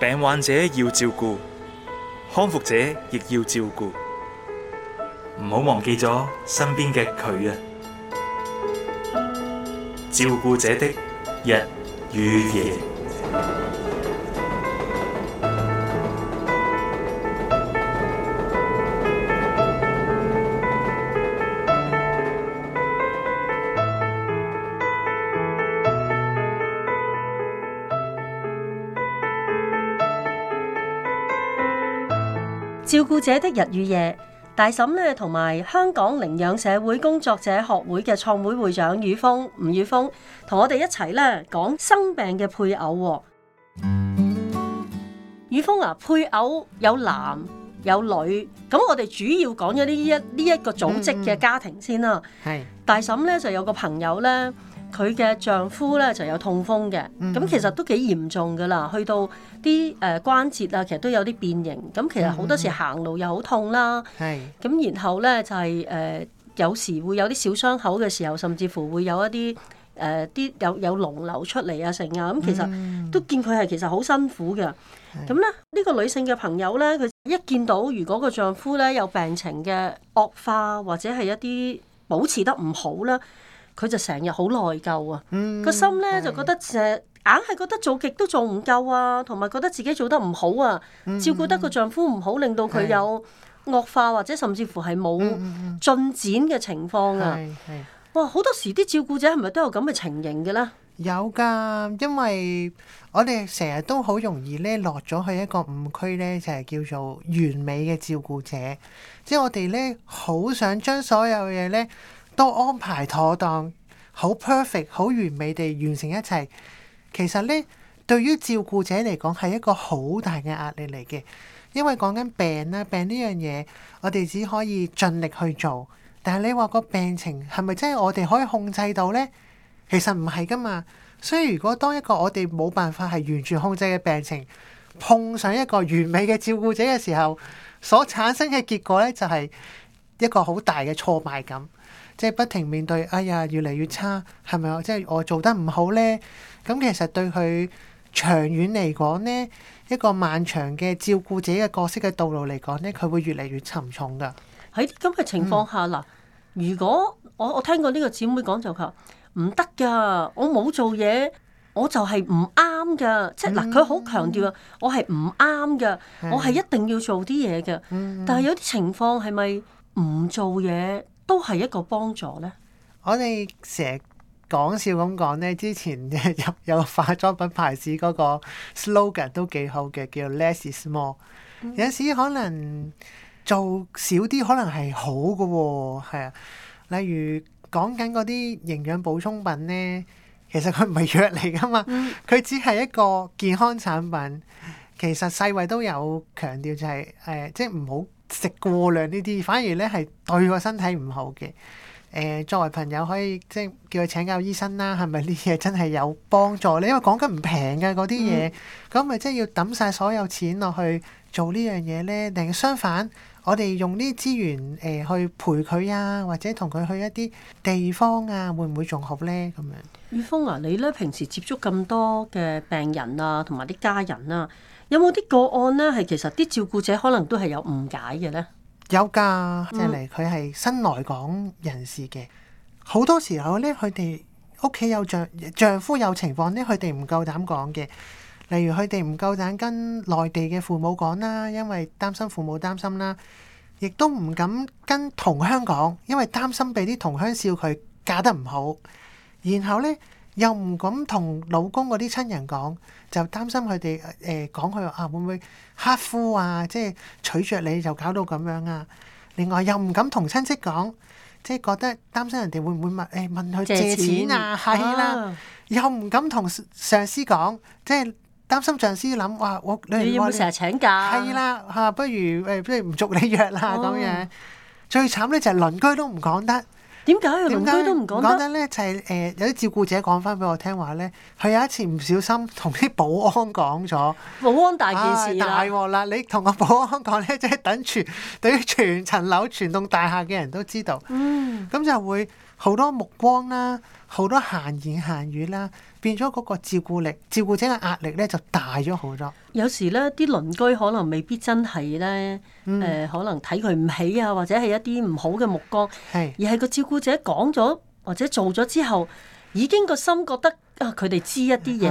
病患者要照顧，康復者亦要照顧，唔好忘記咗身邊嘅佢呀，照顧者的日與夜。者的日與夜，大嬸咧，同埋香港領養社會工作者學會嘅創會會長雨峰吳雨峰，同我哋一齊咧講生病嘅配偶、哦。雨、嗯、峰啊，配偶有男有女，咁我哋主要講咗呢一呢一個組織嘅家庭先啦。係、嗯嗯、大嬸咧就有個朋友咧。佢嘅丈夫咧就有痛風嘅，咁、嗯、其實都幾嚴重噶啦，去到啲誒、呃、關節啊，其實都有啲變形，咁其實好多時行路又好痛啦，咁、嗯、然後咧就係、是、誒、呃、有時會有啲小傷口嘅時候，甚至乎會有一啲誒啲有有膿流出嚟啊成啊，咁、嗯嗯、其實都見佢係其實好辛苦嘅，咁咧、嗯、呢、這個女性嘅朋友咧，佢一見到如果個丈夫咧有病情嘅惡化或者係一啲保持得唔好啦。佢就成日好內疚啊，個、嗯、心咧是就覺得成日硬係覺得做極都做唔夠啊，同埋覺得自己做得唔好啊，嗯、照顧得個丈夫唔好，嗯、令到佢有惡化或者甚至乎係冇進展嘅情況啊！哇，好多時啲照顧者係咪都有咁嘅情形嘅咧？有噶，因為我哋成日都好容易咧落咗去一個誤區咧，就係、是、叫做完美嘅照顧者，即、就、係、是、我哋咧好想將所有嘢咧。都安排妥當，好 perfect、好完美地完成一切。其實呢，對於照顧者嚟講，係一個好大嘅壓力嚟嘅。因為講緊病啦、啊，病呢樣嘢，我哋只可以盡力去做。但係你話個病情係咪真係我哋可以控制到呢？其實唔係噶嘛。所以如果當一個我哋冇辦法係完全控制嘅病情，碰上一個完美嘅照顧者嘅時候，所產生嘅結果呢就係、是。一個好大嘅挫敗感，即係不停面對哎呀，越嚟越差，係咪即係我做得唔好呢？咁其實對佢長遠嚟講呢，一個漫長嘅照顧者嘅角色嘅道路嚟講呢，佢會越嚟越沉重噶。喺咁嘅情況下，嗱、嗯，如果我我聽過呢個姊妹講就話唔得噶，我冇做嘢，我就係唔啱噶。即係嗱，佢好強調啊我係唔啱噶，是我係一定要做啲嘢嘅。嗯嗯、但係有啲情況係咪？唔做嘢都係一個幫助咧。我哋成日講笑咁講咧，之前入有化妝品牌子嗰個 slogan 都幾好嘅，叫 less is more。嗯、有陣時可能做少啲，可能係好嘅喎、哦。係啊，例如講緊嗰啲營養補充品咧，其實佢唔係藥嚟噶嘛，佢、嗯、只係一個健康產品。其實世衛都有強調就係、是、誒、呃、即係唔好。食過量呢啲反而呢係對個身體唔好嘅、呃。作為朋友可以即係叫佢請教醫生啦，係咪呢嘢真係有幫助咧？因為講緊唔平嘅嗰啲嘢，咁咪即係要抌晒所有錢落去做呢樣嘢呢？定相反，我哋用啲資源誒、呃、去陪佢啊，或者同佢去一啲地方啊，會唔會仲好呢？咁樣，雨峰啊，你呢平時接觸咁多嘅病人啊，同埋啲家人啊。有冇啲個案咧？係其實啲照顧者可能都係有誤解嘅咧。有㗎，即係嚟佢係新來港人士嘅，好多時候咧，佢哋屋企有丈夫，丈夫有情況咧，佢哋唔夠膽講嘅。例如佢哋唔夠膽跟內地嘅父母講啦，因為擔心父母擔心啦，亦都唔敢跟同鄉講，因為擔心俾啲同鄉笑佢嫁得唔好。然後咧。又唔敢同老公嗰啲親人講，就擔心佢哋誒，講佢啊會唔會克夫啊，即係娶著你就搞到咁樣啊。另外又唔敢同親戚講，即係覺得擔心人哋會唔會問誒，問佢借錢啊？係啦，又唔敢同上司講，即係擔心上司諗，哇我你有冇成日請假？係啦嚇，不如誒，不如唔續你約啦咁樣。最慘咧就係鄰居都唔講得。點解啊？鄰居都唔講得咧，就係、是、誒、呃、有啲照顧者講翻俾我聽話咧，佢有一次唔小心同啲保安講咗，保安大件事大鑊啦！你同個保安講咧，即係等住全等於全層樓全棟大廈嘅人都知道，咁、嗯、就會。好多目光啦，好多閒言閒語啦、啊，變咗嗰個照顧力、照顧者嘅壓力咧就大咗好多。有時咧，啲鄰居可能未必真係咧，誒可能睇佢唔起啊，或者係一啲唔好嘅目光，係是的 而係個照顧者講咗或者做咗之後，已經個心覺得啊，佢哋知一啲嘢，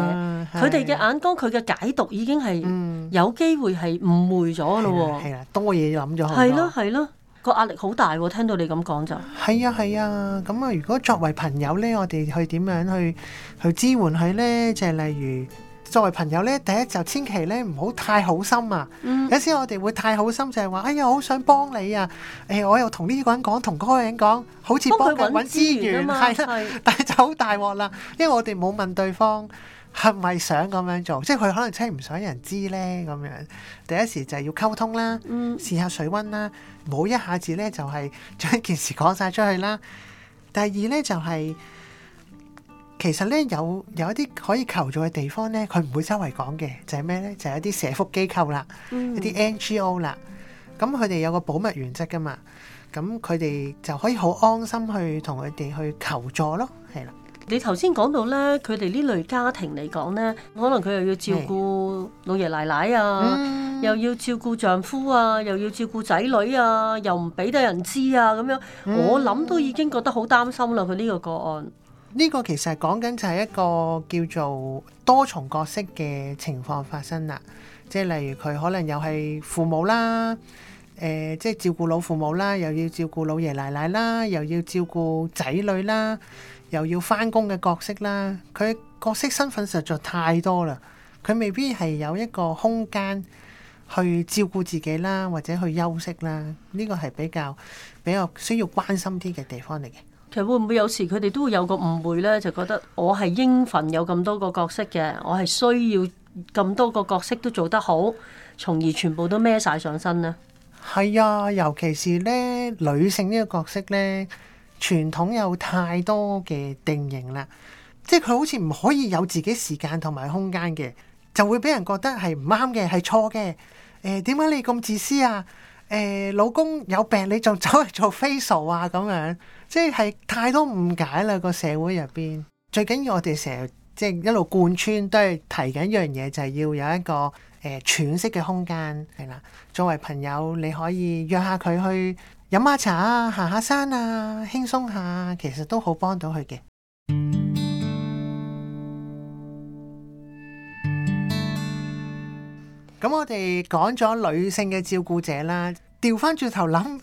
佢哋嘅眼光佢嘅解讀已經係有機會係誤會咗咯喎，啊，多嘢諗咗係咯係咯。個壓力好大喎，聽到你咁講就係啊，係啊。咁啊如果作為朋友呢，我哋去點樣去去支援佢呢？就係、是、例如作為朋友呢，第一就千祈呢唔好太好心啊！嗯、有時我哋會太好心就，就係話哎呀好想幫你啊！誒、哎、我又同呢個人講，同嗰個人講，好似幫佢揾資源啊嘛，但係就好大鑊啦，因為我哋冇問對方。係咪想咁樣做？即係佢可能真係唔想人知呢。咁樣。第一時就係要溝通啦，試、嗯、下水溫啦，唔好一下子咧就係將一件事講晒出去啦。第二呢，就係、是、其實呢，有有一啲可以求助嘅地方呢，佢唔會周圍講嘅就係、是、咩呢？就係、是、一啲社福機構啦，嗯、一啲 NGO 啦。咁佢哋有個保密原則噶嘛，咁佢哋就可以好安心去同佢哋去求助咯。係啦。你頭先講到咧，佢哋呢類家庭嚟講咧，可能佢又要照顧老爺奶奶啊，嗯、又要照顧丈夫啊，又要照顧仔女啊，又唔俾得人知啊，咁樣、嗯、我諗都已經覺得好擔心啦。佢呢個個案呢個其實係講緊就係一個叫做多重角色嘅情況發生啦，即係例如佢可能又係父母啦，誒、呃，即係照顧老父母啦，又要照顧老爺奶奶啦，又要照顧仔女啦。又要翻工嘅角色啦，佢角色身份實在太多啦，佢未必係有一個空間去照顧自己啦，或者去休息啦。呢個係比較比較需要關心啲嘅地方嚟嘅。其實會唔會有時佢哋都會有個誤會咧，就覺得我係應份有咁多個角色嘅，我係需要咁多個角色都做得好，從而全部都孭晒上身咧。係啊，尤其是咧女性呢個角色咧。傳統有太多嘅定型啦，即係佢好似唔可以有自己時間同埋空間嘅，就會俾人覺得係唔啱嘅，係錯嘅。誒點解你咁自私啊？誒、欸、老公有病你仲走嚟做 facial 啊咁樣，即係太多誤解啦、這個社會入邊。最緊要我哋成日即係一路貫穿都係提緊一樣嘢，就係、是、要有一個誒、欸、喘息嘅空間係啦。作為朋友，你可以約下佢去。飲下茶啊，行下山啊，輕鬆下，其實都好幫到佢嘅。咁 我哋講咗女性嘅照顧者啦，調翻轉頭諗，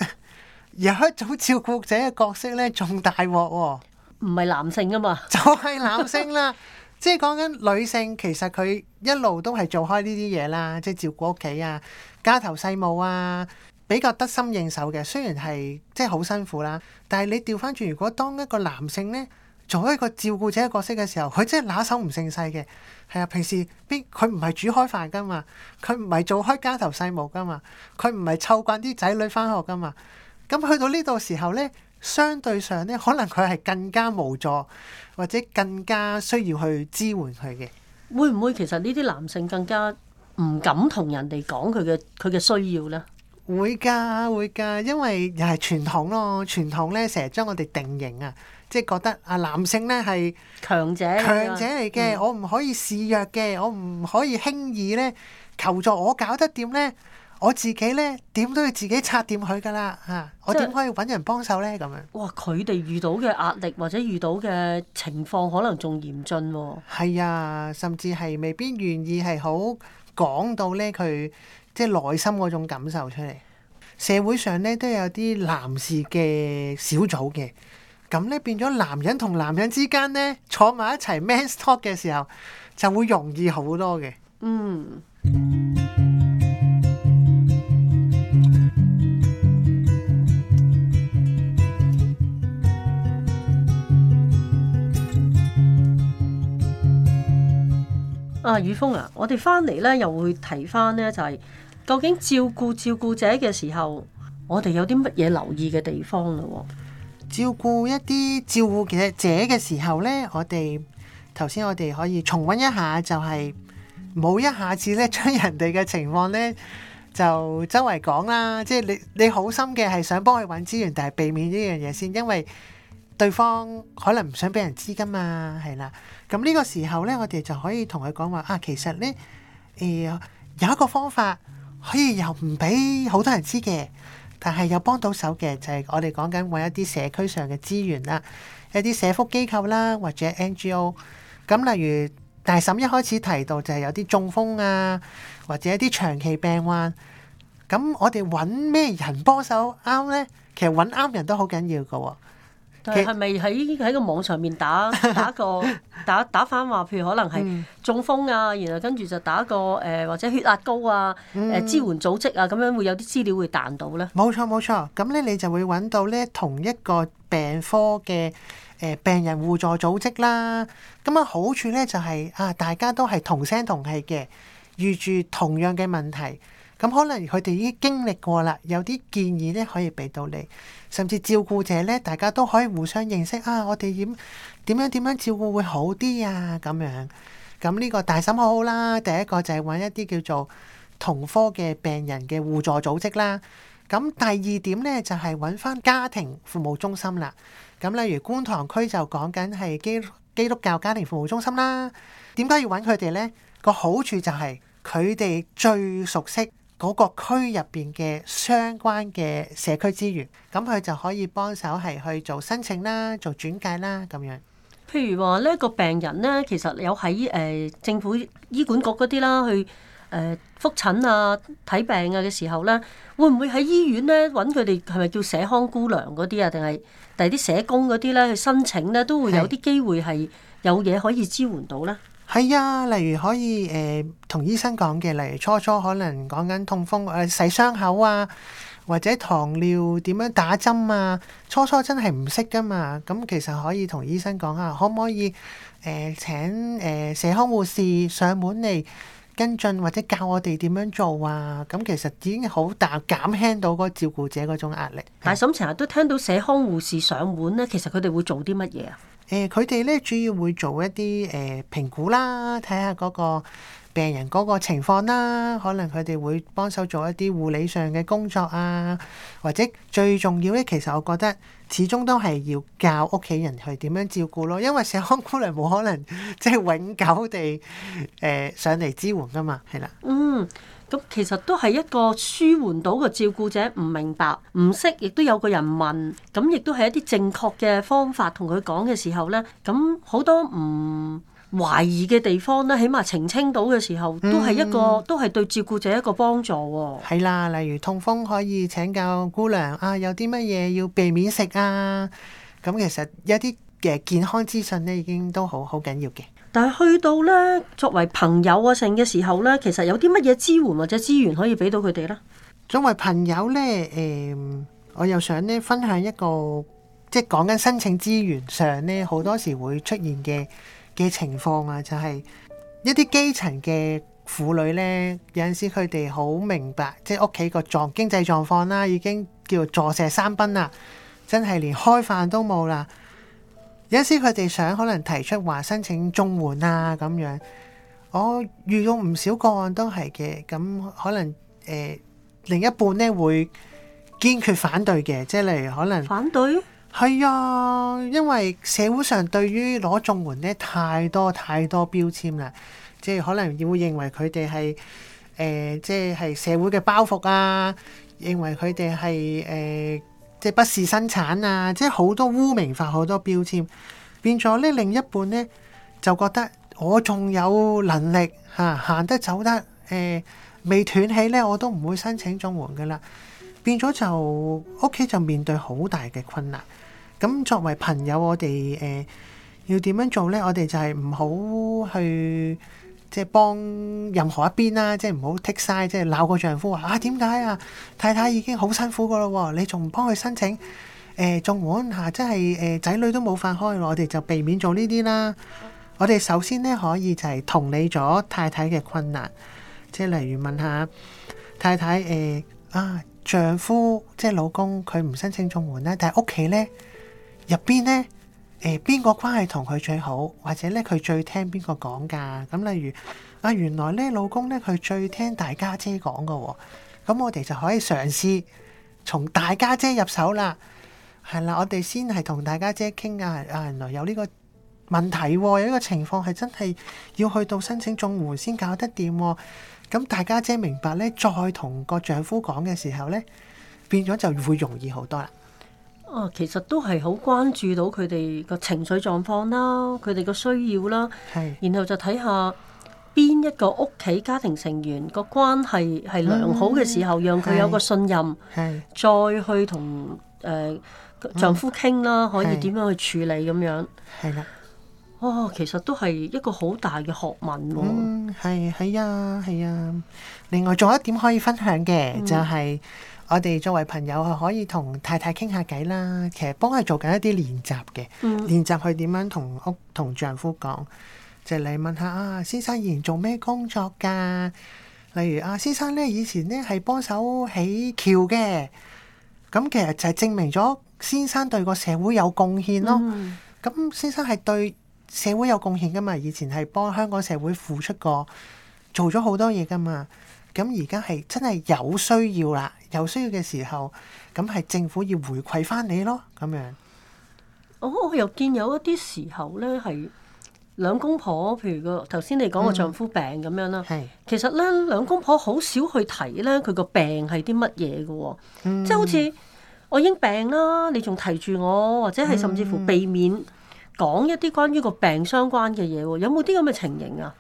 有一種照顧者嘅角色咧，仲大鑊喎，唔係男性啊嘛， 就係男性啦。即係講緊女性，其實佢一路都係做開呢啲嘢啦，即係照顧屋企啊，家頭細務啊。比較得心應手嘅，雖然係即係好辛苦啦，但係你調翻轉，如果當一個男性呢做一個照顧者角色嘅時候，佢真係拿手唔勝勢嘅。係啊，平時邊佢唔係煮開飯噶嘛，佢唔係做開家頭細務噶嘛，佢唔係湊慣啲仔女翻學噶嘛。咁去到呢度時候呢，相對上呢，可能佢係更加無助，或者更加需要去支援佢嘅。會唔會其實呢啲男性更加唔敢同人哋講佢嘅佢嘅需要呢？會噶會噶，因為又係傳統咯，傳統咧成日將我哋定型啊，即係覺得啊男性咧係強者強者嚟嘅，嗯、我唔可以示弱嘅，我唔可以輕易咧求助，我搞得掂咧，我自己咧點都要自己拆掂佢噶啦嚇，即係我點可以揾人幫手咧咁樣？哇！佢哋遇到嘅壓力或者遇到嘅情況可能仲嚴峻喎、啊。係啊，甚至係未必願意係好講到咧佢。即係內心嗰種感受出嚟，社會上咧都有啲男士嘅小組嘅，咁咧變咗男人同男人之間咧坐埋一齊 men talk 嘅時候就會容易好多嘅。 嗯。啊，宇峰啊，我哋翻嚟咧又會提翻咧就係、是。究竟照顧照顧者嘅時候，我哋有啲乜嘢留意嘅地方咯？照顧一啲照顧嘅者嘅時候呢，我哋頭先我哋可以重溫一下，就係，就係冇一下子咧，將人哋嘅情況呢就周圍講啦。即係你你好心嘅係想幫佢揾資源，但係避免呢樣嘢先，因為對方可能唔想俾人知噶嘛，係啦。咁呢個時候呢，我哋就可以同佢講話啊，其實呢，誒、呃、有一個方法。可以、哎、又唔俾好多人知嘅，但係又幫到手嘅，就係、是、我哋講緊搵一啲社區上嘅資源啦，一啲社福機構啦，或者 NGO。咁例如大嬸一開始提到就係有啲中風啊，或者一啲長期病患。咁我哋搵咩人幫手啱呢？其實搵啱人都好緊要噶。佢係咪喺喺個網上面打打個 打打翻話？譬如可能係中風啊，然後跟住就打個誒、呃、或者血壓高啊誒、嗯、支援組織啊，咁樣會有啲資料會彈到咧。冇錯冇錯，咁咧你就會揾到咧同一個病科嘅誒病人互助組織啦。咁啊好處咧就係、是、啊大家都係同聲同氣嘅，遇住同樣嘅問題，咁可能佢哋已經經歷過啦，有啲建議咧可以俾到你，甚至照顧者咧，大家都可以互相認識啊！我哋點點樣點樣照顧會好啲啊？咁樣咁呢個大嬸好好啦。第一個就係揾一啲叫做同科嘅病人嘅互助組織啦。咁第二點咧就係揾翻家庭服務中心啦。咁例如觀塘區就講緊係基基督教家庭服務中心啦。點解要揾佢哋咧？個好處就係佢哋最熟悉。嗰個區入邊嘅相關嘅社區資源，咁佢就可以幫手係去做申請啦、做轉介啦咁樣。譬如話呢個病人咧，其實有喺誒、呃、政府醫管局嗰啲啦，去誒覆、呃、診啊、睇病啊嘅時候咧，會唔會喺醫院咧揾佢哋係咪叫社康姑娘嗰啲啊，定係定係啲社工嗰啲咧去申請咧，都會有啲機會係有嘢可以支援到咧。係啊，例如可以誒同、呃、醫生講嘅，例如初初可能講緊痛風誒、呃、洗傷口啊，或者糖尿點樣打針啊，初初真係唔識㗎嘛。咁、嗯、其實可以同醫生講下，可唔可以誒、呃、請誒、呃、社康護士上門嚟跟進，或者教我哋點樣做啊？咁、嗯、其實已經好大減輕到個照顧者嗰種壓力。大嬸成日都聽到社康護士上門咧，其實佢哋會做啲乜嘢啊？誒，佢哋咧主要會做一啲誒評估啦，睇下嗰個病人嗰個情況啦，可能佢哋會幫手做一啲護理上嘅工作啊，或者最重要咧，其實我覺得始終都係要教屋企人去點樣照顧咯，因為社康姑娘冇可能即係永久地誒上嚟支援㗎嘛，係啦，嗯。咁其實都係一個舒緩到個照顧者唔明白、唔識，亦都有個人問，咁亦都係一啲正確嘅方法同佢講嘅時候呢，咁好多唔懷疑嘅地方呢，起碼澄清到嘅時候，都係一個、嗯、都係對照顧者一個幫助喎。係啦，例如痛風可以請教姑娘啊，有啲乜嘢要避免食啊，咁其實一啲嘅健康資訊呢，已經都好好緊要嘅。但係去到咧，作為朋友啊性嘅時候咧，其實有啲乜嘢支援或者資源可以俾到佢哋咧？作為朋友咧，誒、呃，我又想咧分享一個，即係講緊申請資源上咧，好多時會出現嘅嘅情況啊，就係一啲基層嘅婦女咧，有陣時佢哋好明白，即係屋企個狀經濟狀況啦，已經叫做坐食山崩啦，真係連開飯都冇啦。有陣時佢哋想可能提出話申請綜援啊咁樣，我遇到唔少個案都係嘅，咁可能誒、呃、另一半咧會堅決反對嘅，即係例如可能反對，係啊，因為社會上對於攞綜援咧太多太多標籤啦，即係可能會認為佢哋係誒即係係社會嘅包袱啊，認為佢哋係誒。呃即不事生產啊！即好多污名化，好多標籤，變咗呢另一半呢，就覺得我仲有能力嚇行、啊、得走得誒未、呃、斷氣呢，我都唔會申請綜援㗎喇。變咗就屋企就面對好大嘅困難。咁作為朋友我，我哋誒要點樣做呢？我哋就係唔好去。即係幫任何一邊啦，即係唔好 take side，即係鬧個丈夫話啊，點解啊太太已經好辛苦個咯，你仲唔幫佢申請誒綜援嚇？即係誒仔女都冇法開，我哋就避免做呢啲啦。好我哋首先咧可以就係同理咗太太嘅困難，即係例如問下太太誒、呃、啊丈夫即係老公佢唔申請綜援咧，但係屋企咧入邊咧。誒邊個關係同佢最好，或者咧佢最聽邊個講噶？咁例如啊，原來咧老公咧佢最聽大家姐講噶喎。咁我哋就可以嘗試從大家姐入手啦。係啦，我哋先係同大家姐傾啊啊，原來有呢個問題，有呢個情況係真係要去到申請綜援先搞得掂。咁大家姐明白咧，再同個丈夫講嘅時候咧，變咗就會容易好多啦。啊，其實都係好關注到佢哋個情緒狀況啦，佢哋個需要啦，是然後就睇下邊一個屋企家庭成員個關係係良好嘅時候，嗯、讓佢有個信任，是再去同誒、呃、丈夫傾、嗯、啦，可以點樣去處理咁樣。係啦是，哇、啊，其實都係一個好大嘅學問喎。嗯，係係啊係啊。另外，仲有一點可以分享嘅就係、係。嗯我哋作為朋友，可以同太太傾下偈啦。其實幫佢做緊一啲練習嘅，嗯、練習佢點樣同屋同丈夫講，就你、係、問下啊，先生以前做咩工作噶？例如啊，先生咧以前咧係幫手起橋嘅。咁其實就係證明咗先生對個社會有貢獻咯。咁、嗯、先生係對社會有貢獻噶嘛？以前係幫香港社會付出過，做咗好多嘢噶嘛。咁而家係真係有需要啦，有需要嘅時候，咁係政府要回饋翻你咯，咁樣。我、哦、我又見有一啲時候咧，係兩公婆，譬如個頭先你講個丈夫病咁樣啦，係、嗯、其實咧兩公婆好少去提咧佢個病係啲乜嘢嘅喎，嗯、即係好似我已經病啦，你仲提住我，或者係甚至乎避免講一啲關於個病相關嘅嘢喎，有冇啲咁嘅情形啊？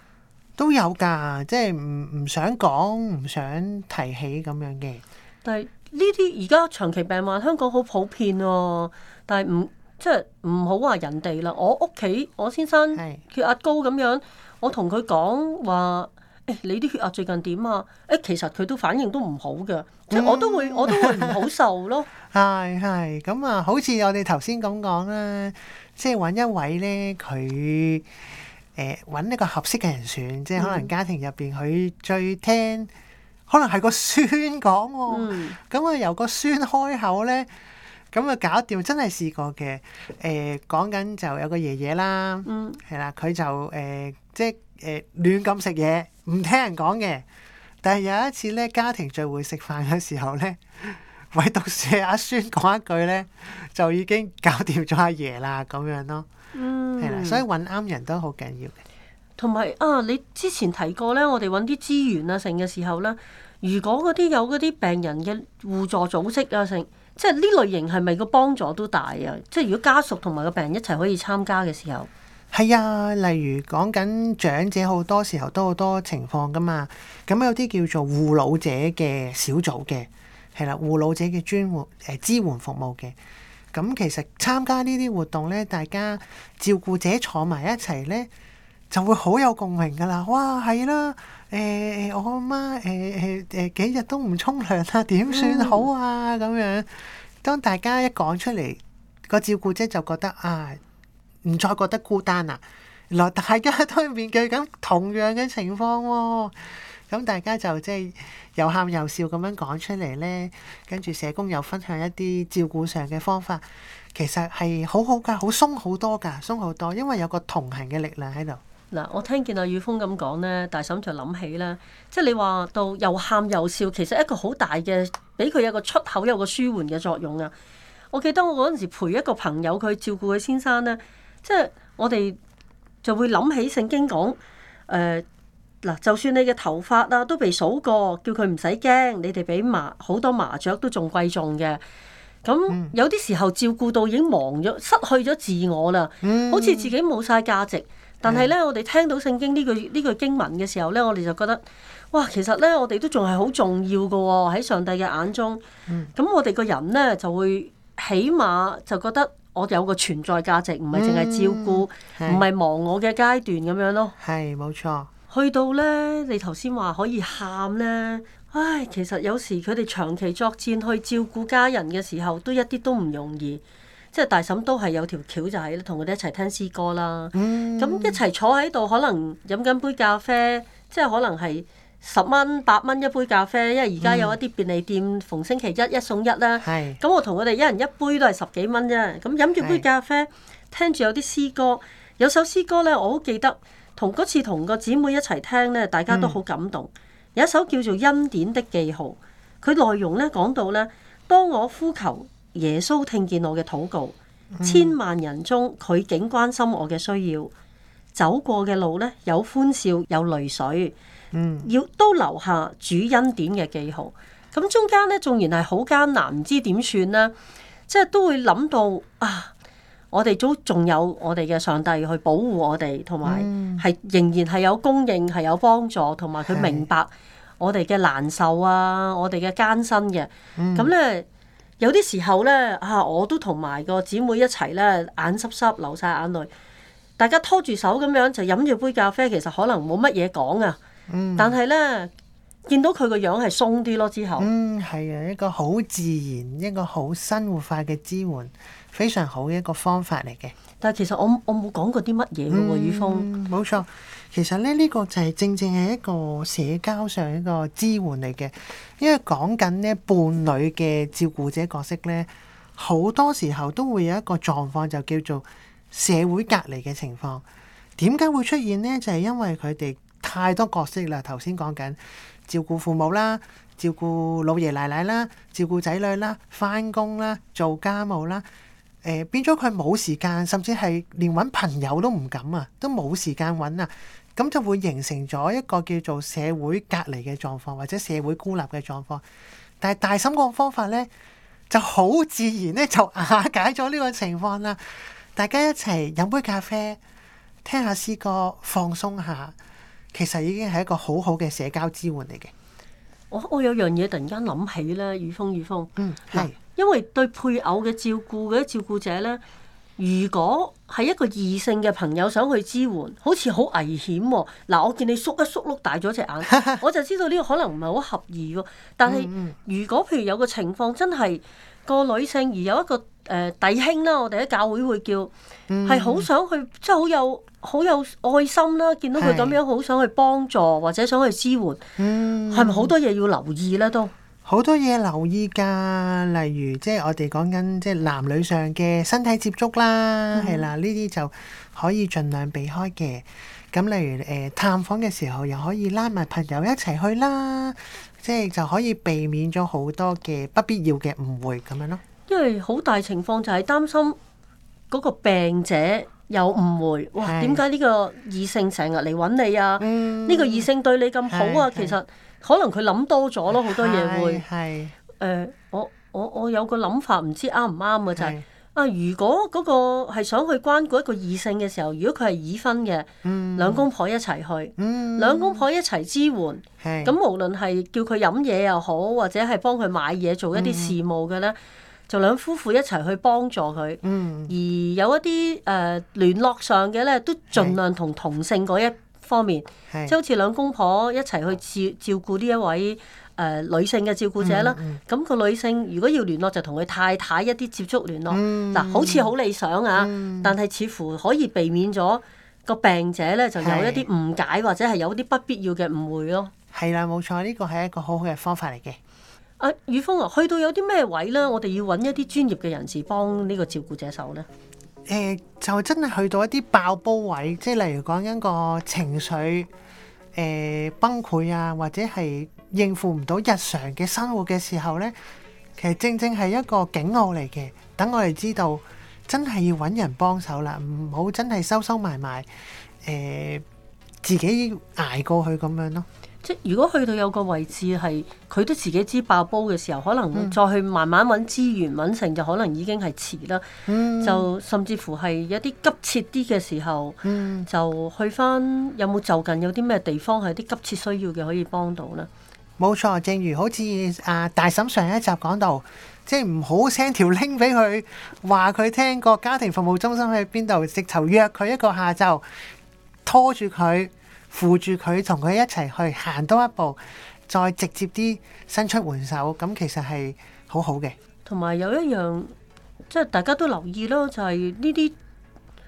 都有噶，即係唔唔，想講，唔想提起咁樣嘅。但係呢啲而家長期病患，香港好普遍咯、啊。但係唔，即係唔好話人哋啦。我屋企我先生血壓高咁樣，是我同佢講話：誒、欸，你啲血壓最近點啊？誒、欸，其實佢都反應都唔好嘅，即係我， 我都會我都會唔好受咯。係係咁啊！好似我哋頭先咁講啦，即係揾一位呢，佢。誒搵、呃、一個合適嘅人選，即係可能家庭入邊佢最聽，可能係個孫講喎、哦。咁啊、嗯，由個孫開口咧，咁啊搞掂，真係試過嘅。誒、呃、講緊就有個爺爺啦，係、嗯、啦，佢就誒、呃、即係誒亂咁食嘢，唔、呃、聽人講嘅。但係有一次咧，家庭聚會食飯嘅時候咧，唯獨係阿、啊、孫講一句咧，就已經搞掂咗阿爺啦，咁樣咯。係啦、嗯，所以揾啱人都好緊要嘅。同埋啊，你之前提過咧，我哋揾啲資源啊，成嘅時候咧，如果嗰啲有嗰啲病人嘅互助組織啊，成，即係呢類型係咪個幫助都大啊？即係如果家屬同埋個病人一齊可以參加嘅時候，係啊。例如講緊長者好多時候都好多情況噶嘛，咁有啲叫做護老者嘅小組嘅，係啦，護老者嘅專門誒、欸、支援服務嘅。咁其實參加呢啲活動咧，大家照顧者坐埋一齊咧，就會好有共鳴噶啦。哇，係啦，誒、欸、我阿媽誒誒誒幾日都唔沖涼啦，點算好啊？咁樣當大家一講出嚟，個照顧者就覺得啊，唔再覺得孤單啦。原來大家都係面對緊同樣嘅情況喎、哦。咁大家就即係又喊又笑咁樣講出嚟咧，跟住社工又分享一啲照顧上嘅方法，其實係好好噶，好鬆好多噶，鬆好多，因為有個同行嘅力量喺度。嗱，我聽見阿宇峰咁講咧，大嫂就諗起咧，即係你話到又喊又笑，其實一個好大嘅，俾佢有個出口，有個舒緩嘅作用啊！我記得我嗰陣時陪一個朋友，佢照顧佢先生咧，即係我哋就會諗起聖經講，誒。嗱，就算你嘅頭髮啊都被數過，叫佢唔使驚。你哋比麻好、嗯、多麻雀都仲貴重嘅。咁有啲時候照顧到已經忘咗，失去咗自我啦，好似自己冇晒價值。但係咧，我哋聽到聖經呢句呢句經文嘅時候咧，我哋就覺得，哇！其實咧，我哋都仲係好重要㗎喎，喺上帝嘅眼中。咁、嗯嗯、我哋個人咧就會，起碼就覺得我有個存在價值，唔係淨係照顧，唔係忘我嘅階段咁樣咯。係冇錯。去到咧，你頭先話可以喊咧，唉，其實有時佢哋長期作戰去照顧家人嘅時候，都一啲都唔容易。即係大嬸都係有條橋，就係同佢哋一齊聽詩歌啦。咁、嗯、一齊坐喺度，可能飲緊杯咖啡，即係可能係十蚊、八蚊一杯咖啡，因為而家有一啲便利店、嗯、逢星期一一送一啦。咁是我同佢哋一人一杯都係十幾蚊啫。咁飲住杯咖啡，是聽住有啲詩歌，有首詩歌咧，我好記得。同嗰次同個姊妹一齊聽咧，大家都好感動。嗯、有一首叫做《恩典的記號》，佢內容咧講到咧，當我呼求耶穌聽見我嘅禱告，千萬人中佢竟關心我嘅需要。走過嘅路咧，有歡笑有淚水，要都留下主恩典嘅記號。咁中間咧，仲然係好艱難，唔知點算呢？即係都會諗到啊。我哋都仲有我哋嘅上帝去保護我哋，同埋係仍然係有供應，係有幫助，同埋佢明白是的 我哋嘅難受啊，我哋嘅艱辛嘅。咁咧、嗯、有啲時候咧啊，我都同埋個姊妹一齊咧，眼濕濕，流晒眼淚，大家拖住手咁樣就飲住杯咖啡，其實可能冇乜嘢講啊。嗯、但係咧。見到佢個樣係鬆啲咯，之後嗯，係啊，一個好自然，一個好生活化嘅支援，非常好嘅一個方法嚟嘅。但係其實我我冇講過啲乜嘢嘅，嗯、雨峰鋒。冇錯，其實咧呢、這個就係、是、正正係一個社交上一個支援嚟嘅，因為講緊呢伴侶嘅照顧者角色呢，好多時候都會有一個狀況就叫做社會隔離嘅情況。點解會出現呢？就係、是、因為佢哋太多角色啦。頭先講緊。照顧父母啦，照顧老爺奶奶啦，照顧仔女啦，翻工啦，做家務啦，誒、呃、變咗佢冇時間，甚至係連揾朋友都唔敢啊，都冇時間揾啊，咁就會形成咗一個叫做社會隔離嘅狀況，或者社會孤立嘅狀況。但係大嬸個方法呢，就好自然呢就瓦解咗呢個情況啦。大家一齊飲杯咖啡，聽下詩歌，放鬆下。其實已經係一個好好嘅社交支援嚟嘅。我我有樣嘢突然間諗起咧，雨峰。雨峰，嗯，係因為對配偶嘅照顧嘅照顧者咧，如果係一個異性嘅朋友想去支援，好似好危險喎、哦。嗱，我見你縮一縮碌大咗隻眼， 我就知道呢個可能唔係好合意喎。但係如果譬如有個情況真係，個女性而有一個誒、呃、弟兄啦，我哋喺教會會叫係好、嗯、想去，即係好有好有愛心啦。見到佢咁樣，好是想去幫助或者想去支援，係咪好多嘢要留意咧？都好多嘢留意噶，例如即係我哋講緊即係男女上嘅身體接觸啦，係啦、嗯，呢啲就可以盡量避開嘅。咁例如誒探訪嘅時候，又可以拉埋朋友一齊去啦，即係就可以避免咗好多嘅不必要嘅誤會咁樣咯。因為好大情況就係擔心嗰個病者有誤會，是哇！點解呢個異性成日嚟揾你啊？呢、嗯、個異性對你咁好啊，其實可能佢諗多咗咯，好多嘢會係誒我我我有個諗法，唔知啱唔啱啊？就係。啊！如果嗰個係想去關顧一個異性嘅時候，如果佢係已婚嘅，嗯、兩公婆一齊去，嗯、兩公婆一齊支援，咁是無論係叫佢飲嘢又好，或者係幫佢買嘢做一啲事務嘅呢，就兩夫婦一齊去幫助佢。嗯、而有一啲誒、呃、聯絡上嘅呢，都盡量同同性嗰一方面，即是好似兩公婆一齊去照照顧呢一位。誒、呃、女性嘅照顧者啦，咁、嗯嗯、個女性如果要聯絡就同佢太太一啲接觸聯絡，嗱、嗯啊、好似好理想啊，嗯、但係似乎可以避免咗個病者咧就有一啲誤解或者係有啲不必要嘅誤會咯。係啦，冇錯，呢個係一個好好嘅方法嚟嘅。阿、啊、宇峰啊，去到有啲咩位咧？我哋要揾一啲專業嘅人士幫呢個照顧者手咧。誒、呃，就真係去到一啲爆煲位，即係例如講緊一個情緒誒、呃、崩潰啊，或者係。應付唔到日常嘅生活嘅時候呢，其實正正係一個警號嚟嘅。等我哋知道真係要揾人幫手啦，唔好真係收收埋埋，誒、呃、自己捱過去咁樣咯。即如果去到有個位置係佢都自己知爆煲嘅時候，可能再去慢慢揾資源揾、嗯、成，就可能已經係遲啦。嗯、就甚至乎係一啲急切啲嘅時候，嗯、就去翻有冇就近有啲咩地方係啲急切需要嘅可以幫到呢？冇錯，正如好似阿大嬸上一集講到，即係唔好 send 條 link 俾佢，話佢聽個家庭服務中心去邊度，直頭約佢一個下晝，拖住佢，扶住佢，同佢一齊去行多一步，再直接啲伸出援手，咁其實係好好嘅。同埋有，有一樣，即係大家都留意咯，就係呢啲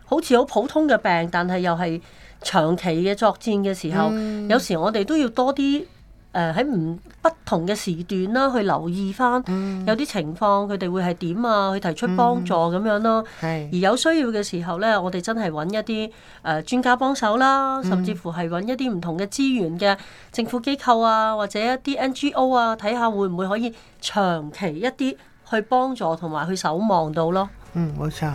好似好普通嘅病，但係又係長期嘅作戰嘅時候，嗯、有時我哋都要多啲。誒喺唔不同嘅時段啦，去留意返有啲情況，佢哋會係點啊？去提出幫助咁樣咯。嗯、而有需要嘅時候呢，我哋真係揾一啲誒專家幫手啦，甚至乎係揾一啲唔同嘅資源嘅政府機構啊，或者一啲 NGO 啊，睇下會唔會可以長期一啲去幫助同埋去守望到咯。嗯，冇錯。